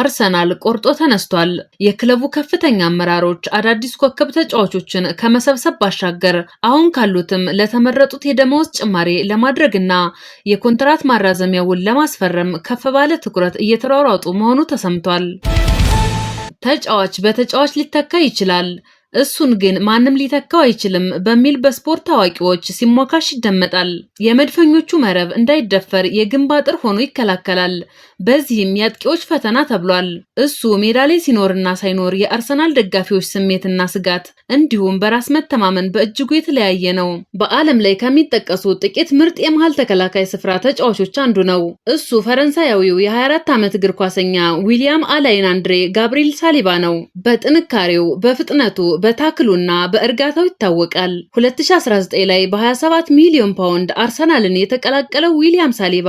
አርሰናል ቆርጦ ተነስቷል። የክለቡ ከፍተኛ አመራሮች አዳዲስ ኮከብ ተጫዋቾችን ከመሰብሰብ ባሻገር አሁን ካሉትም ለተመረጡት የደመወዝ ጭማሪ ለማድረግና የኮንትራት ማራዘሚያውን ለማስፈረም ከፍ ባለ ትኩረት እየተሯሯጡ መሆኑ ተሰምቷል። ተጫዋች በተጫዋች ሊተካ ይችላል። እሱን ግን ማንም ሊተካው አይችልም በሚል በስፖርት ታዋቂዎች ሲሞካሽ ይደመጣል። የመድፈኞቹ መረብ እንዳይደፈር የግንብ አጥር ሆኖ ይከላከላል። በዚህም የአጥቂዎች ፈተና ተብሏል። እሱ ሜዳ ላይ ሲኖርና ሳይኖር የአርሰናል ደጋፊዎች ስሜትና ስጋት እንዲሁም በራስ መተማመን በእጅጉ የተለያየ ነው። በዓለም ላይ ከሚጠቀሱ ጥቂት ምርጥ የመሃል ተከላካይ ስፍራ ተጫዋቾች አንዱ ነው። እሱ ፈረንሳያዊው የ24 ዓመት እግር ኳሰኛ ዊሊያም አላይን አንድሬ ጋብሪል ሳሊባ ነው። በጥንካሬው፣ በፍጥነቱ በታክሉና በእርጋታው ይታወቃል። 2019 ላይ በ27 ሚሊዮን ፓውንድ አርሰናልን የተቀላቀለው ዊሊያም ሳሊባ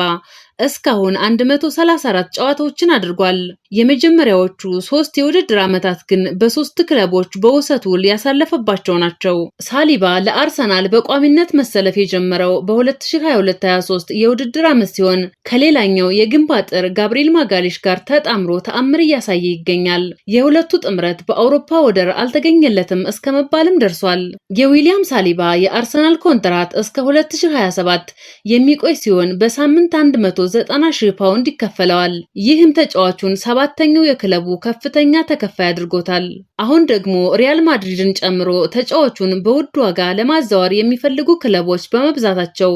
እስካሁን 134 ጨዋታዎችን አድርጓል። የመጀመሪያዎቹ ሶስት የውድድር ዓመታት ግን በሶስት ክለቦች በውሰት ውል ያሳለፈባቸው ናቸው። ሳሊባ ለአርሰናል በቋሚነት መሰለፍ የጀመረው በ2022/23 የውድድር ዓመት ሲሆን ከሌላኛው የግንብ አጥር ጋብሪኤል ማጋሊሽ ጋር ተጣምሮ ተአምር እያሳየ ይገኛል። የሁለቱ ጥምረት በአውሮፓ ወደር አልተገኘለትም እስከ መባልም ደርሷል። የዊሊያም ሳሊባ የአርሰናል ኮንትራት እስከ 2027 የሚቆይ ሲሆን በሳምንት 100 ዘጠና ሺህ ፓውንድ ይከፈለዋል። ይህም ተጫዋቹን ሰባተኛው የክለቡ ከፍተኛ ተከፋይ አድርጎታል። አሁን ደግሞ ሪያል ማድሪድን ጨምሮ ተጫዋቹን በውድ ዋጋ ለማዛወር የሚፈልጉ ክለቦች በመብዛታቸው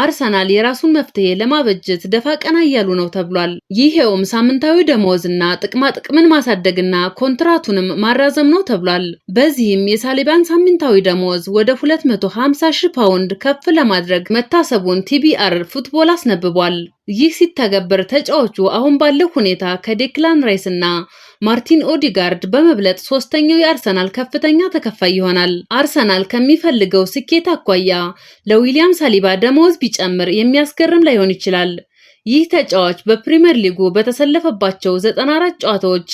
አርሰናል የራሱን መፍትሄ ለማበጀት ደፋ ቀና እያሉ ነው ተብሏል። ይሄውም ሳምንታዊ ደመወዝና ጥቅማ ጥቅምን ማሳደግና ኮንትራቱንም ማራዘም ነው ተብሏል። በዚህም የሳሊባን ሳምንታዊ ደመወዝ ወደ 250 ሺህ ፓውንድ ከፍ ለማድረግ መታሰቡን ቲቢአር ፉትቦል አስነብቧል። ይህ ሲተገበር ተጫዋቹ አሁን ባለው ሁኔታ ከዴክላን ራይስና ማርቲን ኦዲጋርድ በመብለጥ ሶስተኛው የአርሰናል ከፍተኛ ተከፋይ ይሆናል። አርሰናል ከሚፈልገው ስኬት አኳያ ለዊሊያም ሳሊባ ደመወዝ ቢጨምር የሚያስገርም ላይሆን ይችላል። ይህ ተጫዋች በፕሪምየር ሊጉ በተሰለፈባቸው 94 ጨዋታዎች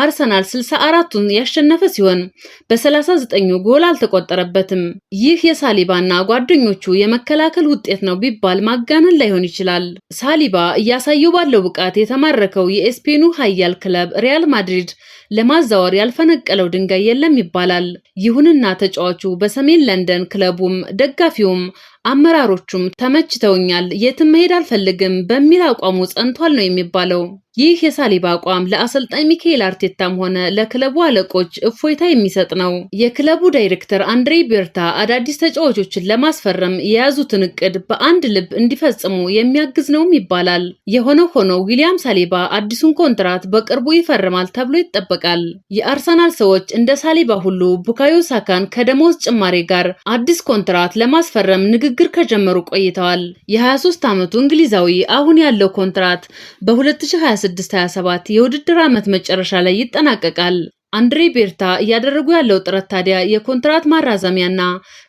አርሰናል 64ቱን ያሸነፈ ሲሆን በ39 ጎል አልተቆጠረበትም። ይህ የሳሊባና ጓደኞቹ የመከላከል ውጤት ነው ቢባል ማጋነን ላይሆን ይችላል። ሳሊባ እያሳየው ባለው ብቃት የተማረከው የኤስፔኑ ኃያል ክለብ ሪያል ማድሪድ ለማዛወር ያልፈነቀለው ድንጋይ የለም ይባላል። ይሁንና ተጫዋቹ በሰሜን ለንደን ክለቡም ደጋፊውም አመራሮቹም ተመችተውኛል፣ የትም መሄድ አልፈልግም በሚል አቋሙ ጸንቷል ነው የሚባለው። ይህ የሳሊባ አቋም ለአሰልጣኝ ሚካኤል አርቴታም ሆነ ለክለቡ አለቆች እፎይታ የሚሰጥ ነው። የክለቡ ዳይሬክተር አንድሬ ቤርታ አዳዲስ ተጫዋቾችን ለማስፈረም የያዙትን እቅድ በአንድ ልብ እንዲፈጽሙ የሚያግዝ ነውም ይባላል። የሆነ ሆኖ ዊሊያም ሳሊባ አዲሱን ኮንትራት በቅርቡ ይፈርማል ተብሎ ይጠበቃል። የአርሰናል ሰዎች እንደ ሳሊባ ሁሉ ቡካዮ ሳካን ከደሞዝ ጭማሬ ጋር አዲስ ኮንትራት ለማስፈረም ንግግ ንግግር ከጀመሩ ቆይተዋል። የ23 ዓመቱ እንግሊዛዊ አሁን ያለው ኮንትራት በ2026/27 የውድድር ዓመት መጨረሻ ላይ ይጠናቀቃል። አንድሬ ቤርታ እያደረጉ ያለው ጥረት ታዲያ የኮንትራት ማራዘሚያና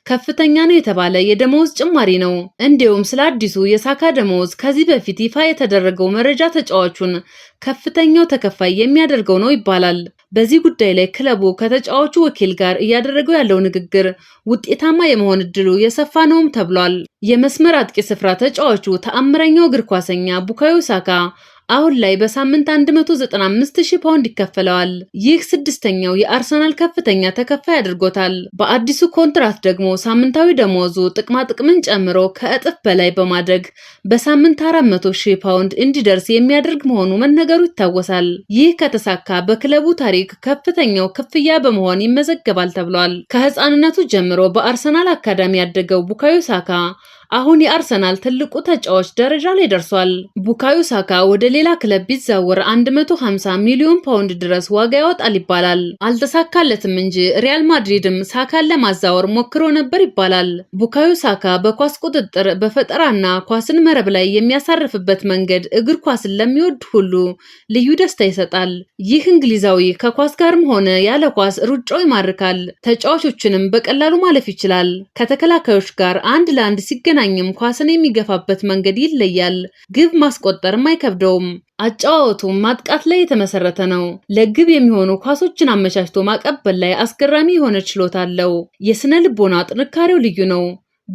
ከፍተኛ ነው የተባለ የደመወዝ ጭማሪ ነው። እንዲሁም ስለ አዲሱ የሳካ ደመወዝ ከዚህ በፊት ይፋ የተደረገው መረጃ ተጫዋቹን ከፍተኛው ተከፋይ የሚያደርገው ነው ይባላል። በዚህ ጉዳይ ላይ ክለቡ ከተጫዋቹ ወኪል ጋር እያደረገው ያለው ንግግር ውጤታማ የመሆን እድሉ የሰፋ ነውም ተብሏል። የመስመር አጥቂ ስፍራ ተጫዋቹ ተአምረኛው እግር ኳሰኛ ቡካዮ ሳካ አሁን ላይ በሳምንት 195 ሺህ ፓውንድ ይከፈለዋል። ይህ ስድስተኛው የአርሰናል ከፍተኛ ተከፋይ አድርጎታል። በአዲሱ ኮንትራት ደግሞ ሳምንታዊ ደሞዙ ጥቅማጥቅምን ጨምሮ ከእጥፍ በላይ በማድረግ በሳምንት 400 ሺህ ፓውንድ እንዲደርስ የሚያደርግ መሆኑ መነገሩ ይታወሳል። ይህ ከተሳካ በክለቡ ታሪክ ከፍተኛው ክፍያ በመሆን ይመዘገባል ተብሏል። ከህፃንነቱ ጀምሮ በአርሰናል አካዳሚ ያደገው ቡካዮ ሳካ አሁን የአርሰናል ትልቁ ተጫዋች ደረጃ ላይ ደርሷል። ቡካዩ ሳካ ወደ ሌላ ክለብ ቢዛወር 150 ሚሊዮን ፓውንድ ድረስ ዋጋ ያወጣል ይባላል። አልተሳካለትም እንጂ ሪያል ማድሪድም ሳካን ለማዛወር ሞክሮ ነበር ይባላል። ቡካዩ ሳካ በኳስ ቁጥጥር፣ በፈጠራና ኳስን መረብ ላይ የሚያሳርፍበት መንገድ እግር ኳስን ለሚወድ ሁሉ ልዩ ደስታ ይሰጣል። ይህ እንግሊዛዊ ከኳስ ጋርም ሆነ ያለ ኳስ ሩጫው ይማርካል። ተጫዋቾችንም በቀላሉ ማለፍ ይችላል። ከተከላካዮች ጋር አንድ ለአንድ ሲገናኝ አይገናኝም። ኳስን የሚገፋበት መንገድ ይለያል። ግብ ማስቆጠርም አይከብደውም። አጨዋወቱም ማጥቃት ላይ የተመሰረተ ነው። ለግብ የሚሆኑ ኳሶችን አመቻችቶ ማቀበል ላይ አስገራሚ የሆነ ችሎታ አለው። የስነ ልቦና ጥንካሬው ልዩ ነው።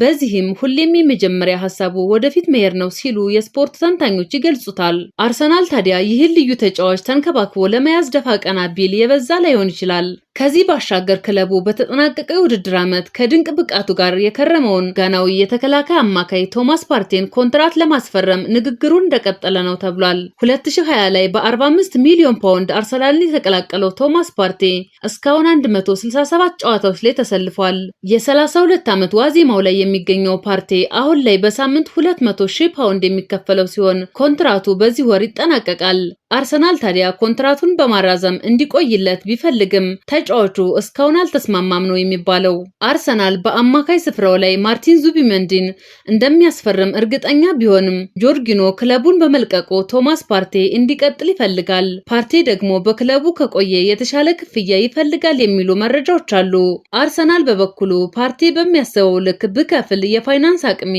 በዚህም ሁሌም የመጀመሪያ ሀሳቡ ወደፊት መሄድ ነው ሲሉ የስፖርት ተንታኞች ይገልጹታል። አርሰናል ታዲያ ይህን ልዩ ተጫዋች ተንከባክቦ ለመያዝ ደፋ ቀና ቢል የበዛ ላይሆን ይችላል። ከዚህ ባሻገር ክለቡ በተጠናቀቀ የውድድር ዓመት ከድንቅ ብቃቱ ጋር የከረመውን ጋናዊ የተከላካይ አማካይ ቶማስ ፓርቴን ኮንትራት ለማስፈረም ንግግሩን እንደቀጠለ ነው ተብሏል። 2020 ላይ በ45 ሚሊዮን ፓውንድ አርሰናልን የተቀላቀለው ቶማስ ፓርቴ እስካሁን 167 ጨዋታዎች ላይ ተሰልፏል። የ32 ዓመት ዋዜማው ላይ የሚገኘው ፓርቴ አሁን ላይ በሳምንት 200 ሺህ ፓውንድ የሚከፈለው ሲሆን ኮንትራቱ በዚህ ወር ይጠናቀቃል። አርሰናል ታዲያ ኮንትራቱን በማራዘም እንዲቆይለት ቢፈልግም ተጫዋቹ እስካሁን አልተስማማም ነው የሚባለው። አርሰናል በአማካይ ስፍራው ላይ ማርቲን ዙቢመንዲን እንደሚያስፈርም እርግጠኛ ቢሆንም ጆርጊኖ ክለቡን በመልቀቁ ቶማስ ፓርቴ እንዲቀጥል ይፈልጋል። ፓርቴ ደግሞ በክለቡ ከቆየ የተሻለ ክፍያ ይፈልጋል የሚሉ መረጃዎች አሉ። አርሰናል በበኩሉ ፓርቴ በሚያስበው ልክ ብቅ ከፍል የፋይናንስ አቅሜ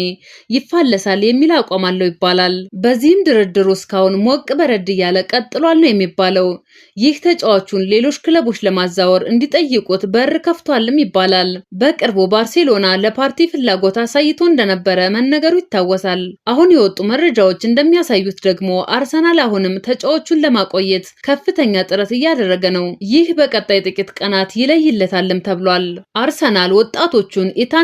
ይፋለሳል የሚል አቋም አለው ይባላል። በዚህም ድርድሩ እስካሁን ሞቅ በረድ እያለ ቀጥሏል ነው የሚባለው። ይህ ተጫዋቹን ሌሎች ክለቦች ለማዛወር እንዲጠይቁት በር ከፍቷልም ይባላል። በቅርቡ ባርሴሎና ለፓርቲ ፍላጎት አሳይቶ እንደነበረ መነገሩ ይታወሳል። አሁን የወጡ መረጃዎች እንደሚያሳዩት ደግሞ አርሰናል አሁንም ተጫዋቹን ለማቆየት ከፍተኛ ጥረት እያደረገ ነው። ይህ በቀጣይ ጥቂት ቀናት ይለይለታልም ተብሏል። አርሰናል ወጣቶቹን ኢታን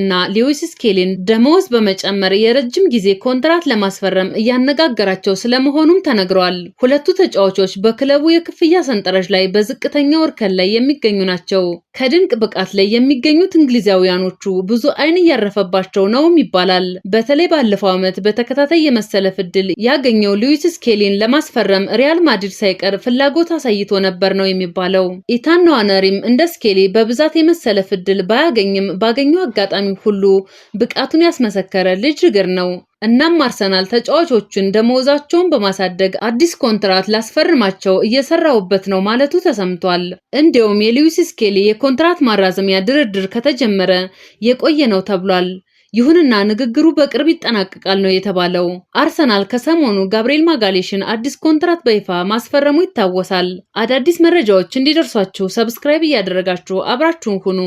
እና እና ሌዊስ ስኬሊን ደመወዝ በመጨመር የረጅም ጊዜ ኮንትራት ለማስፈረም እያነጋገራቸው ስለመሆኑም ተነግረዋል። ሁለቱ ተጫዋቾች በክለቡ የክፍያ ሰንጠረዥ ላይ በዝቅተኛ እርከን ላይ የሚገኙ ናቸው። ከድንቅ ብቃት ላይ የሚገኙት እንግሊዛውያኖቹ ብዙ ዓይን እያረፈባቸው ነውም ይባላል። በተለይ ባለፈው ዓመት በተከታታይ የመሰለፍ ፍድል ያገኘው ሉዊስ ስኬሊን ለማስፈረም ሪያል ማድሪድ ሳይቀር ፍላጎት አሳይቶ ነበር ነው የሚባለው። ኢታን ነዋነሪም እንደ ስኬሊ በብዛት የመሰለፍ ፍድል ባያገኝም ባገኘው አጋጣሚ ሁሉ ብቃቱን ያስመሰከረ ልጅ እግር ነው። እናም አርሰናል ተጫዋቾቹን ደመወዛቸውን በማሳደግ አዲስ ኮንትራት ላስፈርማቸው እየሰራውበት ነው ማለቱ ተሰምቷል። እንዲሁም የሊዊስ ስኬሊ የኮንትራት ማራዘሚያ ድርድር ከተጀመረ የቆየ ነው ተብሏል። ይሁንና ንግግሩ በቅርብ ይጠናቀቃል ነው የተባለው። አርሰናል ከሰሞኑ ጋብርኤል ማጋሌሽን አዲስ ኮንትራት በይፋ ማስፈረሙ ይታወሳል። አዳዲስ መረጃዎች እንዲደርሷችሁ ሰብስክራይብ እያደረጋችሁ አብራችሁን ሁኑ።